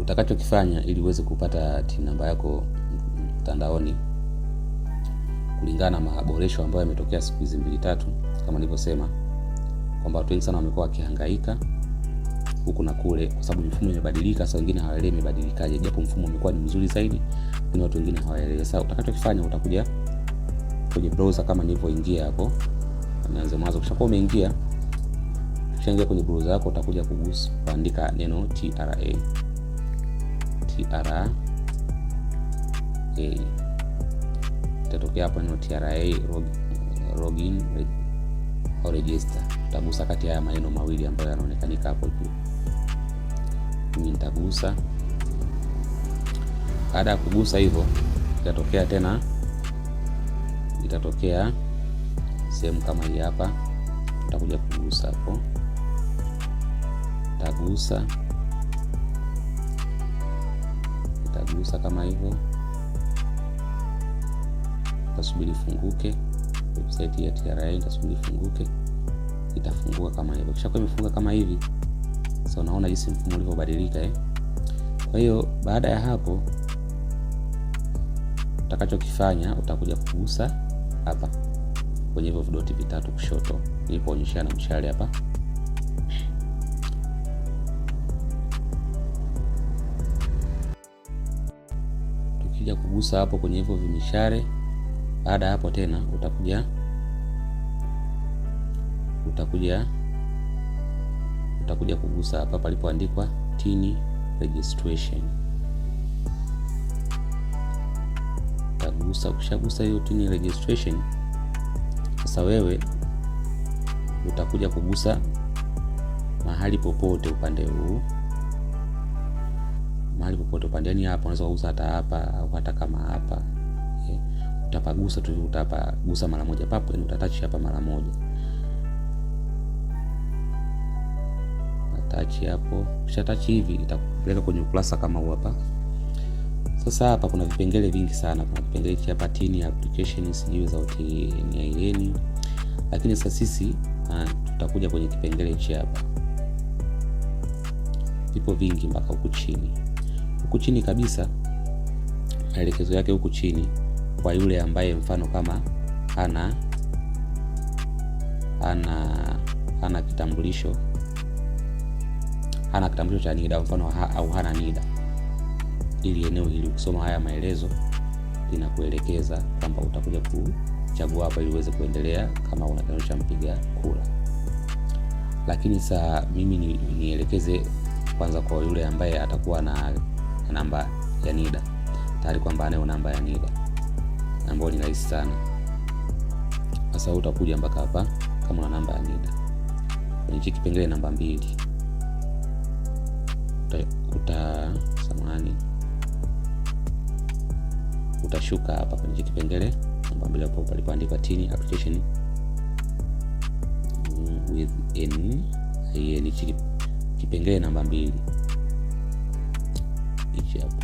utakachokifanya ili uweze kupata TIN namba yako mtandaoni kulingana na maboresho ambayo yametokea siku hizi mbili tatu, kama nilivyosema kwamba watu wengi sana wamekuwa wakihangaika huku na kule, kwa sababu mifumo imebadilika. Sasa wengine hawaelewi imebadilikaje, japo mfumo umekuwa ni mzuri zaidi, lakini watu wengine hawaelewi. Sasa utakachokifanya utakuja kwenye browser kama nilivyoingia hapo, naanze mwanzo. Kisha kwa umeingia, kisha kwenye browser yako, utakuja kugusa kuandika neno TRA. TRA ee, itatokea hapa neno TRA login au register. Utagusa kati ya maneno mawili ambayo yanaonekanika hapo juu. Mimi nitagusa. Baada ya kugusa hivyo, itatokea tena, itatokea sehemu kama hii hapa. Utakuja kugusa hapo, tagusa Utagusa kama hivyo, utasubiri ifunguke. Website ya TRA itasubiri ifunguke, itafunguka kama hivyo. kwa imefunga kama hivi, sasa unaona jinsi mfumo ulivyobadilika eh. Kwa hiyo baada ya hapo, utakachokifanya utakuja kugusa hapa kwenye hivyo vidoti vitatu kushoto nilipoonyeshana mshale hapa utakuja kugusa hapo kwenye hivyo vimishare. Baada ya hapo tena utakuja utakuja utakuja kugusa hapa palipoandikwa tini registration, utagusa. Ukishagusa hiyo tini registration, sasa wewe utakuja kugusa mahali popote upande huu mahali popote upande yani hapa unaweza kuuza hata hapa au hata kama hapa yeah. utapagusa tu utapagusa mara moja papo yani utatachi hapa mara moja tachi hapo kisha tachi hivi itakupeleka kwenye ukurasa kama huu hapa sasa hapa kuna vipengele vingi sana kuna kipengele cha hapa tini application sijui za OTNIN lakini sasa sisi ah, tutakuja kwenye kipengele cha hapa vipo vingi mpaka huku chini huku chini kabisa, maelekezo yake huku chini kwa yule ambaye mfano kama ana ana ana kitambulisho hana kitambulisho cha NIDA mfano ha, au hana NIDA, ili eneo hili ukisoma haya maelezo linakuelekeza kwamba utakuja kuchagua hapa ili uweze kuendelea kama una kitambulisho cha mpiga kura. Lakini saa mimi nielekeze ni kwanza kwa yule ambaye atakuwa na namba ya NIDA tayari kwamba anayo namba ya NIDA ambayo ni rahisi sana. Sasa utakuja mpaka hapa kama una namba ya NIDA kwenye hiki kipengele namba mbili uta samani utashuka hapa kwenye hiki kipengele namba mbili hapo palipoandikwa tini application mm, with n hichi kipengele namba mbili hichi hapo,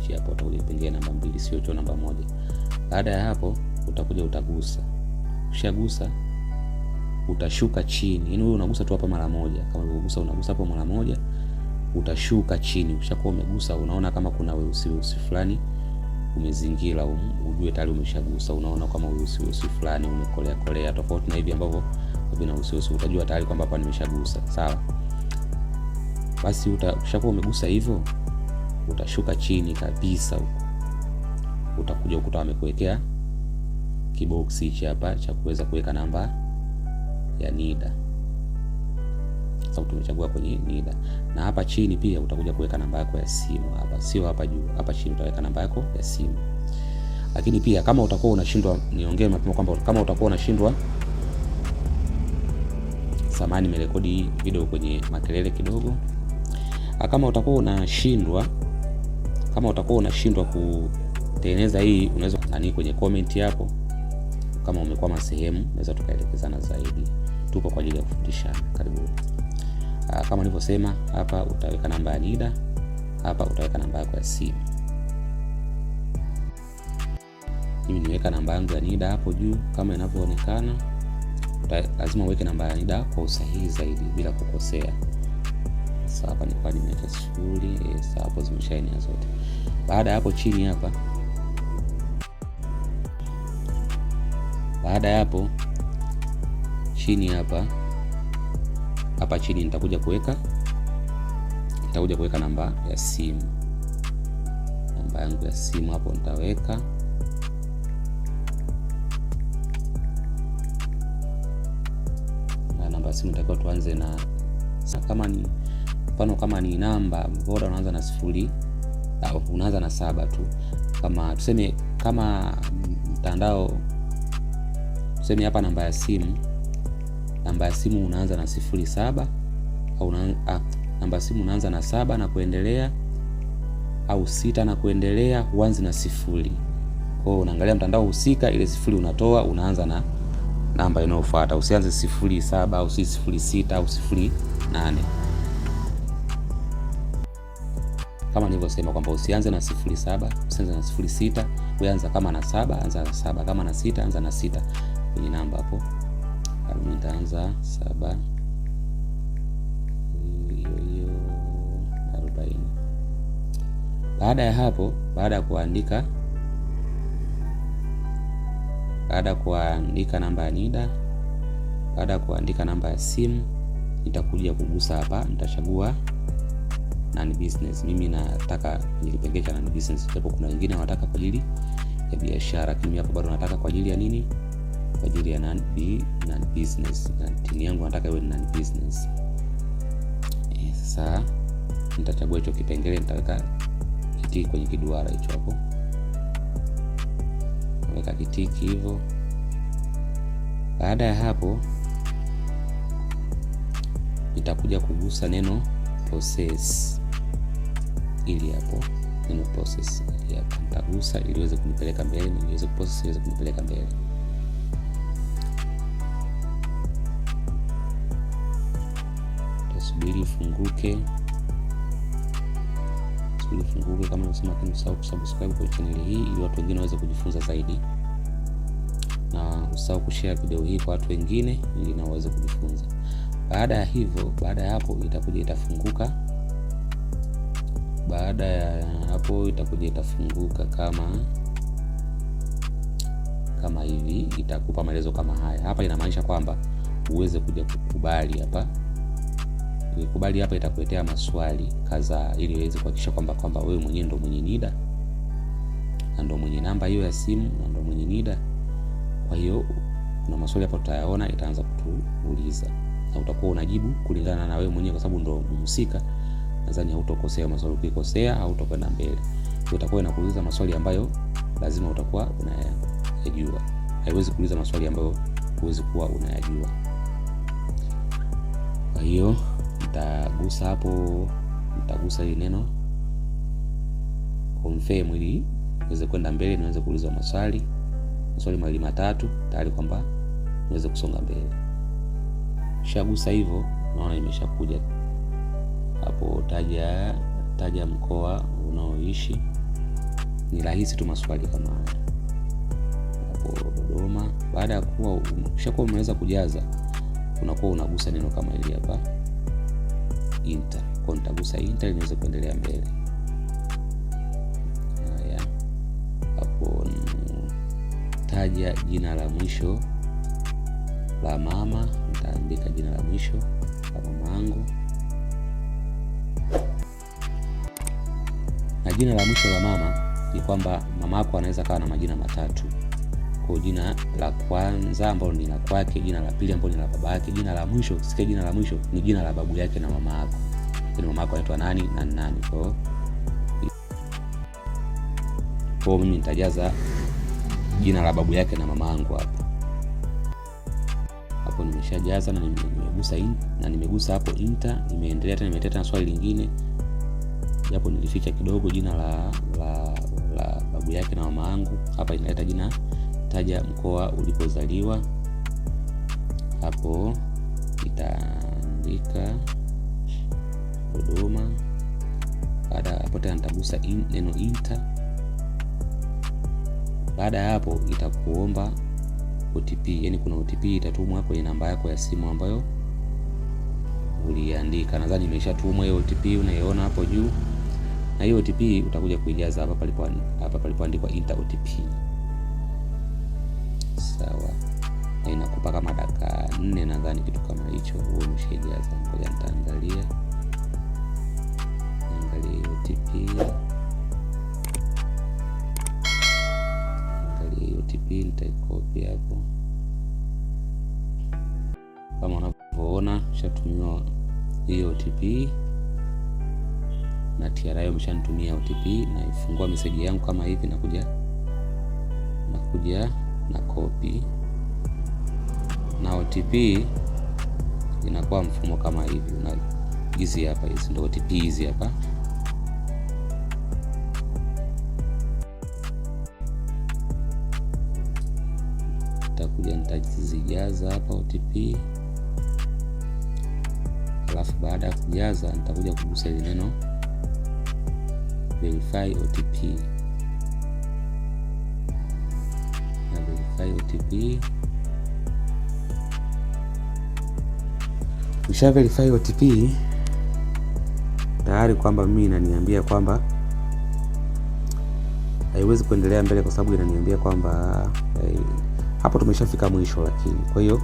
hichi hapo utakuja namba mbili, sio tu namba moja. Baada ya hapo utakuja utagusa, ukishagusa utashuka chini, yani wewe unagusa tu hapa mara moja, kama ulivyogusa unagusa hapo mara moja, utashuka chini. Ukishakuwa umegusa, unaona kama kuna weusi weusi fulani umezingira, um, ujue tayari umeshagusa. Unaona kama weusi weusi fulani umekolea kolea, tofauti na hivi ambavyo vina weusi, utajua tayari kwamba hapa nimeshagusa. Sawa basi ukishakuwa umegusa hivyo, utashuka chini kabisa huko, utakuja ukuta wamekuwekea kiboksi hichi hapa cha kuweza kuweka namba ya NIDA. Sababu tumechagua kwenye NIDA, na hapa chini pia utakuja kuweka namba yako ya simu hapa, sio hapa juu, hapa chini utaweka namba yako ya simu. Lakini pia kama utakuwa unashindwa, niongee mapema kwamba kama utakuwa unashindwa samani nimerekodi video kwenye makelele kidogo. Ah, kama utakuwa unashindwa kama utakuwa unashindwa kutengeneza hii, unaweza nani kwenye comment hapo. Kama umekwama sehemu, unaweza tukaelekezana zaidi. Tupo kwa ajili ya kufundishana, karibuni. Ah, kama nilivyosema, hapa utaweka namba ya NIDA, hapa utaweka namba yako ya simu. Mimi niweka namba yangu ya NIDA hapo juu kama inavyoonekana. Lazima uweke namba ya NIDA kwa usahihi zaidi bila kukosea sasa hapa nilikuwa nimeacha sifuri sasa hapo zimeshaenea zote. Baada ya hapo chini hapa, baada ya hapo chini hapa hapa chini nitakuja kuweka nitakuja kuweka namba ya simu, namba yangu ya simu hapo nitaweka na namba ya simu nitakiwa tuanze na kama ni Mfano kama ni namba bora, unaanza na sifuri, unaanza na saba tu. Kama tuseme kama mtandao tuseme hapa namba ya simu, namba ya simu unaanza na sifuri saba au ah, namba ya simu unaanza na saba na kuendelea au sita na kuendelea, huanzi na sifuri. Kwa hiyo unaangalia mtandao husika, ile sifuri unatoa, unaanza na namba inayofuata. Usianze sifuri saba au sifuri sita au sifuri nane. kama nilivyosema kwamba usianze na 07, usianze na 06, sita uanza kama na saba, anza na saba, kama na sita, anza na sita kwenye namba hapo. nitaanza saba hiyo arobaini Baada ya hapo, baada ya kuandika baada ya kuandika namba ya NIDA, baada ya kuandika namba ya simu, nitakuja kugusa hapa, nitachagua nani business. Mimi nataka kwenye kipengee cha nani business, japo kuna wengine wanataka kwa ajili ya biashara, lakini mimi hapo bado nataka kwa ajili ya nini? Kwa ajili ya nani business, na timu yangu nataka iwe nani business. e, sasa nitachagua hicho kipengele, nitaweka kitiki kwenye kiduara hicho hapo, weka kitiki hivyo. Baada ya hapo nitakuja kugusa neno process ili hapo neno process ili hapo nitagusa ili iweze kunipeleka mbele, niweze process iweze kunipeleka mbele. Subiri ifunguke, subiri ifunguke. Kama nilivyosema, usahau kusubscribe kwa chaneli hii ili watu wengine waweze kujifunza zaidi, na usahau kushare video hii kwa watu wengine ili na waweze kujifunza. Baada ya hivyo, baada ya hapo itakuja itafunguka baada ya hapo itakuja itafunguka kama kama hivi, itakupa maelezo kama haya hapa. Inamaanisha kwamba uweze kuja kukubali hapa. kubali hapa, itakuletea maswali kadhaa, ili iweze kuhakikisha kwamba kwamba wewe mwenyewe ndo mwenye NIDA na ndo mwenye namba hiyo ya simu na ndo mwenye NIDA. Kwa hiyo na maswali hapa tutayaona itaanza kutuuliza na utakuwa unajibu kulingana na wewe mwenyewe, kwa sababu ndo mhusika nadhani hautokosea maswali. Ukikosea hautokwenda mbele, utakuwa inakuuliza maswali ambayo lazima utakuwa unayajua. Haiwezi kuuliza maswali ambayo huwezi kuwa unayajua. Kwa hiyo nitagusa hapo, nitagusa hili neno confirm ili niweze kwenda mbele, niweze kuuliza maswali maswali mawili matatu, tayari kwamba niweze kusonga mbele. Shagusa hivyo, naona imeshakuja hapo taja, taja mkoa unaoishi. Ni rahisi tu maswali kama haya hapo Dodoma. Baada ya kuwa ukishakuwa umeweza kujaza, unakuwa unagusa neno kama ili hapa enter. Kwa nitagusa enter inaweza kuendelea mbele. Haya, hapo taja jina la mwisho la mama, nitaandika jina la mwisho la mama jina la mwisho la mama ni kwamba yako anaweza kawa na majina matatu kwa jina la kwanza ambalo ni la kwake, jina la pili ambalo ni la baba yake, jina la mwisho sikia, jina la mwisho ni jina la babu yake na mama yako. ni yaani mama yako anaitwa nani na nani. Kwa hiyo mimi nitajaza jina la babu yake na mama yangu hapo. Hapo nimeshajaza na nimegusa in, na nimegusa hapo inter nimeendelea tena nimetetea swali lingine japo nilificha kidogo jina la, la, la babu yake na mama yangu. Hapa inaleta jina, taja mkoa ulipozaliwa. Hapo itaandika Dodoma. Baada hapo tena nitagusa in, neno inter. Baada ya hapo itakuomba OTP, yani kuna OTP itatumwa kwenye namba yako ya simu ambayo uliandika. Nadhani imeshatumwa hiyo OTP, unaiona hapo juu na hiyo OTP utakuja kuijaza hapa palipo hapa palipoandikwa enter OTP, sawa. Na inakupa kama dakika nne nadhani, kitu kama hicho. Huo umeshaijaza, ngoja nitaangalia, angalia OTP, angalia OTP, nitaikopi hapo kama unavyoona, shatumiwa hiyo OTP na TRA wameshanitumia OTP, naifungua meseji yangu kama hivi, nakuja nakuja na copy na OTP inakuwa mfumo kama hivi, na hizi hapa, hizi ndio OTP hizi hapa. Nitakuja nitazijaza hapa OTP, alafu baada ya kujaza nitakuja kugusa hili neno verify OTP na verify OTP. Nisha verify OTP tayari kwamba mimi inaniambia kwamba haiwezi kuendelea mbele kwa sababu inaniambia kwamba hey, eh, hapo tumeshafika mwisho, lakini kwa hiyo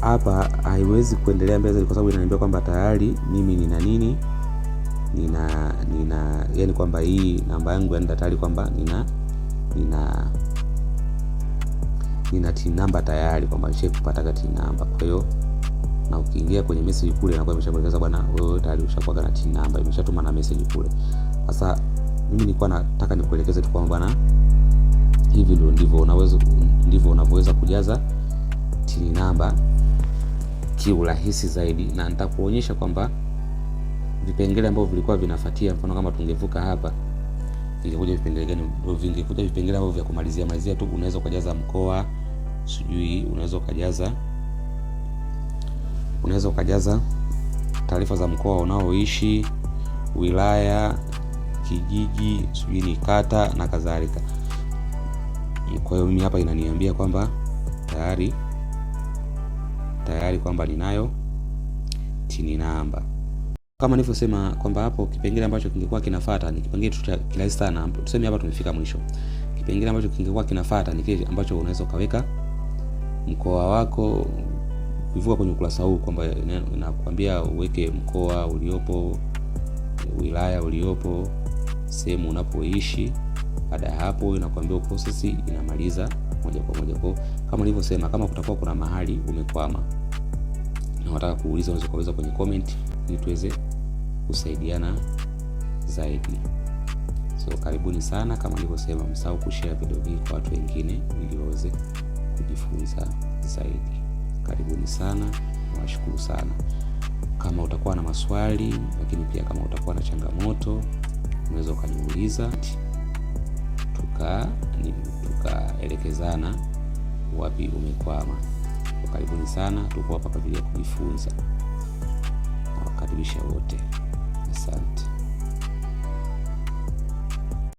hapa haiwezi kuendelea mbele kwa sababu inaniambia kwamba tayari mimi nina nini nina nina yani kwamba hii namba yangu yani datari kwamba nina nina nina team number tayari kwamba nishe kupata team number. Kwa hiyo na ukiingia kwenye message kule inakuwa imeshakuelekeza bwana, wewe tayari ushakuwa na team number, imeshatuma na message kule. Sasa mimi nilikuwa nataka nikuelekeze tu kwamba bwana, hivi ndio ndivyo unaweza ndivyo unavyoweza kujaza team number kiurahisi zaidi, na nitakuonyesha kwamba vipengele ambavyo vilikuwa vinafuatia, mfano kama tungevuka hapa vingekuja vipengele gani? Vingekuja vipengele ambavyo vya kumalizia malizia tu, unaweza ukajaza mkoa, sijui unaweza ukajaza unaweza ukajaza taarifa za mkoa unaoishi, wilaya, kijiji, sijui ni kata na kadhalika. Kwa hiyo mimi hapa inaniambia kwamba tayari tayari kwamba ninayo tini namba kama nilivyosema kwamba hapo kipengele ambacho kingekuwa kinafuata ni kipengele cha kirahisi sana. Tuseme hapa tumefika mwisho. Kipengele ambacho kingekuwa kinafuata ni kile ambacho unaweza ukaweka mkoa wako ukivuka kwenye ukurasa huu, kwamba inakwambia uweke mkoa uliopo, wilaya uliopo, sehemu unapoishi. Baada ya hapo, inakwambia process inamaliza moja kwa moja. Kwa kama nilivyosema, kama kutakuwa kuna mahali umekwama na unataka kuuliza, unaweza kuuliza kwenye comment ili tuweze kusaidiana zaidi. So karibuni sana, kama nilivyosema, msahau kushare video hii kwa watu wengine ili waweze kujifunza zaidi. Karibuni sana, nawashukuru sana. Kama utakuwa na maswali, lakini pia kama utakuwa na changamoto, unaweza ukaniuliza tukaelekezana wapi umekwama. Karibuni sana, tuko hapa kwa ajili ya kujifunza. Nawakaribisha wote. interessant.